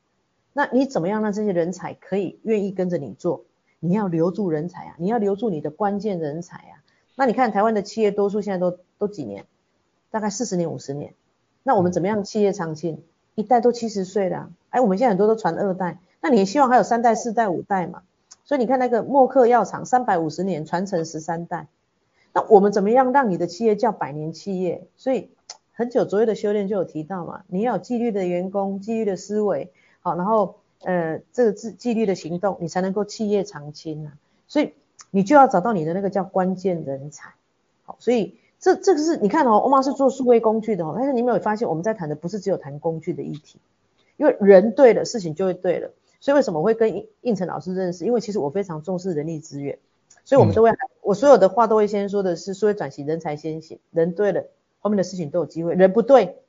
那你怎麼樣讓這些人才可以願意跟着你做？你要留住人才啊！你要留住你的關鍵人才啊。那你看台灣的企業多數現在都都幾年？大概四十年、五十年。那我們怎麼樣企業長青？一代都七十歲了，哎、欸，我們現在很多都傳二代，那你也希望還有三代、四代、五代嘛？所以你看那個默克藥廠三百五十年傳承十三代，那我們怎麼樣讓你的企業叫百年企業？所以很久卓越的修煉就有提到嘛，你要有紀律的員工、紀律的思維，好，然後。呃，這個制紀律的行動，你才能夠企業長青啊。所以你就要找到你的那個叫關鍵人才。好，所以這這個是，你看哦，歐媽是做數位工具的哦，但是你沒有發現，我們在談的不是只有談工具的議題，因為人對了，事情就會對了。所以為什麼會跟胤胤丞老師認識？因為其實我非常重視人力資源，所以我們都會，嗯、我所有的話都會先說的是數位轉型，人才先行，人對了，後面的事情都有機會。人不對，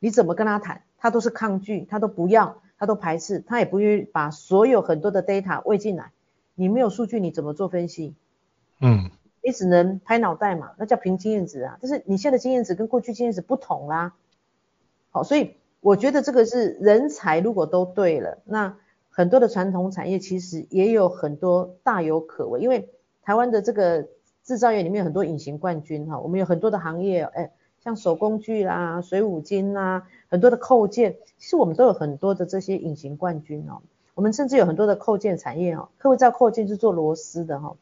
你怎麼跟他談，他都是抗拒，他都不要。他都排斥，他也不願把所有很多的 data 餵進來。你沒有數據，你怎麼做分析？嗯，你只能拍腦袋嘛，那叫憑經驗值啊。但是你現在的經驗值跟過去經驗值不同啦，啊。好，所以我覺得這個是人才如果都對了，那很多的傳統產業其實也有很多大有可為。因為台灣的這個製造業裡面有很多隱形冠軍哈，我們有很多的行業，哎，欸。像手工具啦、啊、水五金啦，很多的扣件，其實我們都有很多的這些隱形冠軍哦。我們甚至有很多的扣件產業哦。各位知道扣件是做螺絲的哈、哦，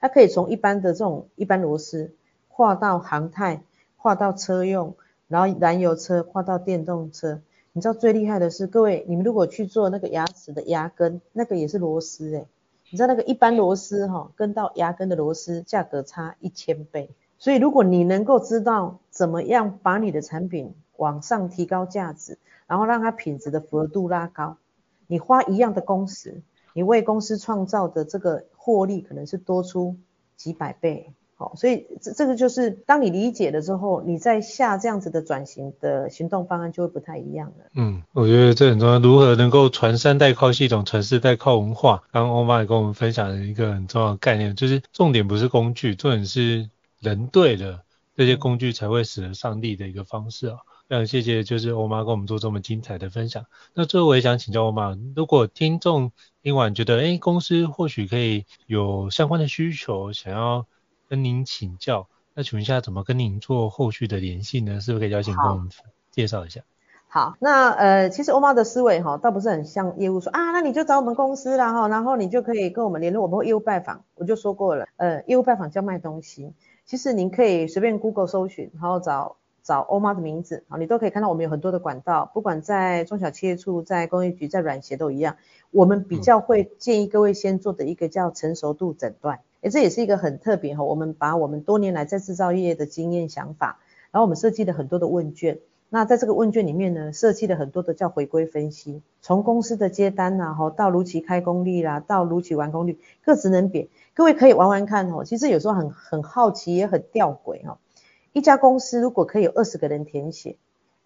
它可以從一般的這種一般螺絲，跨到航太，跨到車用，然後燃油車跨到電動車。你知道最厲害的是，各位你們如果去做那個牙齒的牙根，那個也是螺絲哎。你知道那個一般螺絲哈、哦，跟到牙根的螺絲，價格差一千倍。所以，如果你能夠知道怎麼樣把你的產品往上提高價值，然後讓它品質的符合度拉高，你花一樣的工時，你為公司創造的這個獲利可能是多出幾百倍。好、哦，所以這這個就是當你理解了之後，你在下這樣子的轉型的行動方案就會不太一樣了。
嗯，我覺得這很重要。如何能夠傳三代靠系統，傳四代靠文化？剛剛歐媽也跟我們分享了一個很重要的概念，就是重點不是工具，重點是。人對了，這些工具才會使得上帝的一個方式哦、啊。非常謝謝，就是歐媽跟我們做這麼精彩的分享。那最後我也想請教歐媽，如果聽眾聽完覺得，誒、欸、公司或許可以有相關的需求，想要跟您請教，那請問一下，怎麼跟您做後續的聯繫呢？是不是可以邀請跟我們介紹一下？
好，好，那呃，其實歐媽的思維哈，倒不是很像業務說啊，那你就找我們公司啦，哈，然後你就可以跟我們聯絡，我們會業務拜訪。我就說過了，呃，業務拜訪叫賣東西。其實您可以隨便 Google 搜尋，然後找找歐媽的名字啊，你都可以看到我們有很多的管道，不管在中小企業處、在工業局、在軟協都一樣。我們比較會建議各位先做的一個叫成熟度診斷，哎，這也是一個很特別哈。我們把我們多年來在製造業的經驗想法，然後我們設計了很多的問卷。那在這個問卷裡面呢，設計了很多的叫回歸分析，從公司的接單啊，吼到如期開工率啦、啊，到如期完工率，各職能扁，各位可以玩玩看，其實有時候很很好奇，也很吊詭，一家公司如果可以有二十個人填寫。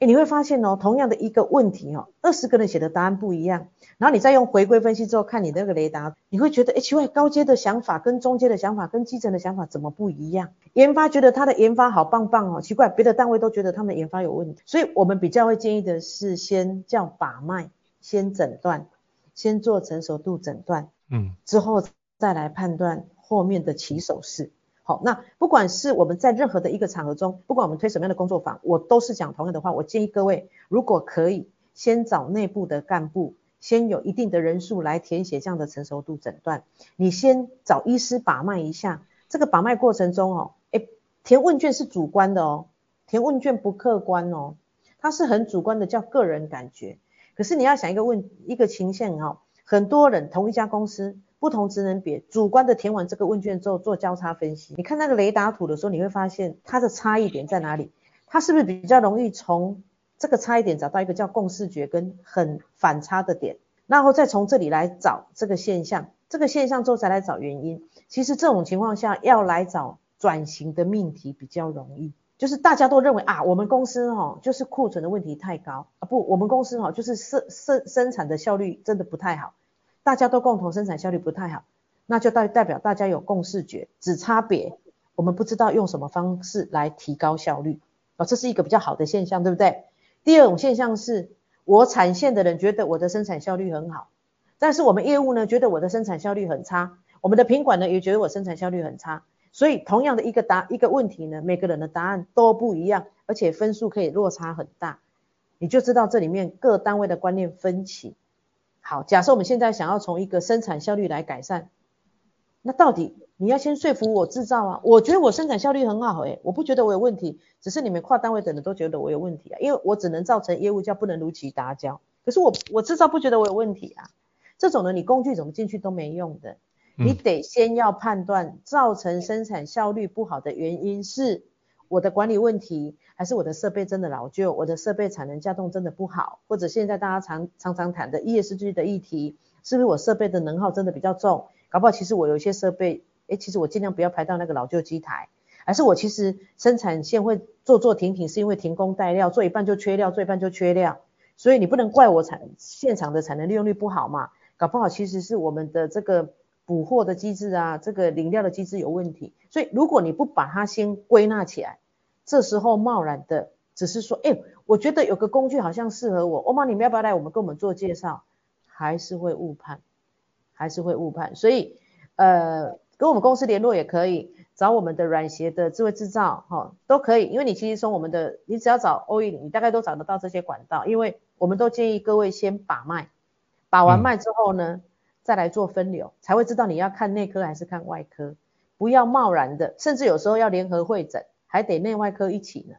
你會發現哦，同樣的一個問題哦，二十個人寫的答案不一樣，然後你再用回歸分析之後，看你的那個雷達，你會覺得誒，奇怪，高階的想法跟中階的想法跟基層的想法怎麼不一樣？研發覺得他的研發好棒棒哦，奇怪，別的單位都覺得他們研發有問題。所以我們比較會建議的是，先叫把脈，先診斷，先做成熟度診斷，嗯，之後再來判斷後面的起手式。嗯好，那不管是我們在任何的一個場合中，不管我們推什麼樣的工作坊，我都是講同樣的話。我建議各位，如果可以，先找內部的幹部，先有一定的人數來填寫這樣的成熟度診斷。你先找醫師把脈一下，這個把脈過程中哦，誒、欸，填問卷是主觀的哦，填問卷不客觀哦，它是很主觀的，叫個人感覺。可是你要想一個問一個情形哦，很多人同一家公司。不同職能別，主觀的填完這個問卷之後做交叉分析，你看那個雷達圖的時候，你會發現它的差異點在哪裡？它是不是比較容易從這個差異點找到一個叫共視覺跟很反差的點，然後再從這裡來找這個現象，這個現象之後再來找原因。其實這種情況下要來找轉型的命題比較容易，就是大家都認為啊，我們公司哈、哦、就是庫存的問題太高啊，不，我們公司哈、哦、就是生生生產的效率真的不太好。大家都共同生產效率不太好，那就代代表大家有共識覺，只差別，我們不知道用什麼方式來提高效率，哦，這是一個比較好的現象，對不對？第二種現象是，我產線的人覺得我的生產效率很好，但是我們業務呢，覺得我的生產效率很差，我們的品管呢，也覺得我生產效率很差，所以同樣的一個答一個問題呢，每個人的答案都不一樣，而且分數可以落差很大，你就知道這裡面各單位的觀念分歧。好，假設我們現在想要從一個生產效率來改善，那到底你要先說服我制造啊？我覺得我生產效率很好、欸，誒，我不覺得我有問題，只是你們跨單位等的都覺得我有問題啊，因為我只能造成業務叫不能如期達交，可是我我制造不覺得我有問題啊，這種呢，你工具怎麼進去都沒用的，嗯、你得先要判斷造成生產效率不好的原因是。我的管理問題，還是我的設備真的老舊？我的設備產能稼動真的不好？或者現在大家常常常談的 ESG 的議題，是不是我設備的能耗真的比較重？搞不好其實我有一些設備，誒，其實我盡量不要排到那個老舊機台，還是我其實生產線會做做停停，是因為停工待料，做一半就缺料，做一半就缺料，所以你不能怪我產現場的產能利用率不好嘛？搞不好其實是我們的這個。補貨的機制啊，這個領料的機制有問題，所以如果你不把它先歸納起來，這時候貿然的只是說，哎、欸，我覺得有個工具好像適合我，歐俋你們要不要來我們跟我們做介紹？還是會誤判，還是會誤判，所以呃，跟我們公司聯絡也可以，找我們的軟協的智慧製造，哈，都可以，因為你其實從我們的，你只要找歐俋，你大概都找得到這些管道，因為我們都建議各位先把脈，把完脈之後呢，嗯再來做分流，才會知道你要看內科還是看外科，不要貿然的，甚至有時候要聯合會診，還得內外科一起呢。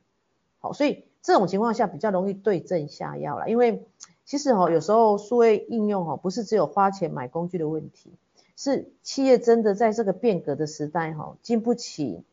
好，所以這種情況下比較容易對症下藥啦，因為其實哈，有時候數位應用哈，不是只有花錢買工具的問題，是企業真的在這個變革的時代哈，經不起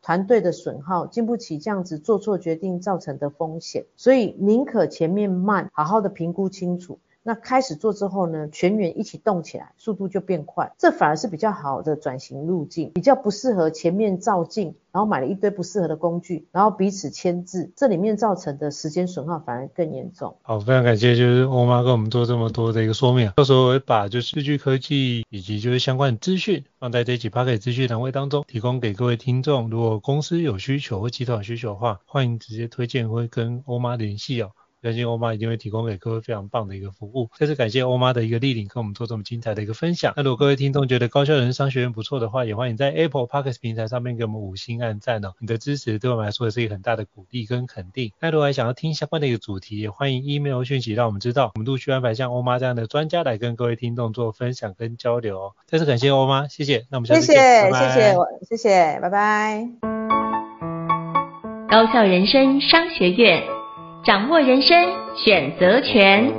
團隊的損耗，經不起這樣子做錯決定造成的風險，所以寧可前面慢，好好的評估清楚。那開始做之後呢，全員一起動起來，速度就變快，這反而是比較好的轉型路徑，比較不適合前面照進，然後買了一堆不適合的工具，然後彼此牽制，這裡面造成的時間損耗反而更嚴重。
好，非常感謝，就是歐媽給我們做這麼多的一個說明，嗯、到時候我會把就是智炬科技以及就是相關的資訊放在這一集 Podcast 資訊欄位當中，提供給各位聽眾，如果公司有需求或集團需求的話，歡迎直接推薦或跟歐媽聯繫哦相信歐媽一定會提供給各位非常棒的一個服務。再次感謝歐媽的一個蒞臨，跟我們做這麼精彩的一個分享。那如果各位聽眾覺得高效人生商學院不錯的話，也歡迎在 Apple Podcast 平台上面給我們五星按讚哦。你的支持對我們來說也是一個很大的鼓勵跟肯定。那如果還想要聽相關的一個主題，也歡迎 email 訊息讓我們知道，我們陸續安排像歐媽這樣的專家來跟各位聽眾做分享跟交流，哦。再次感謝歐媽，謝謝。那我們下次見，謝謝，拜拜，謝謝我
謝謝，拜拜。高效人生商學院。掌握人生選擇權。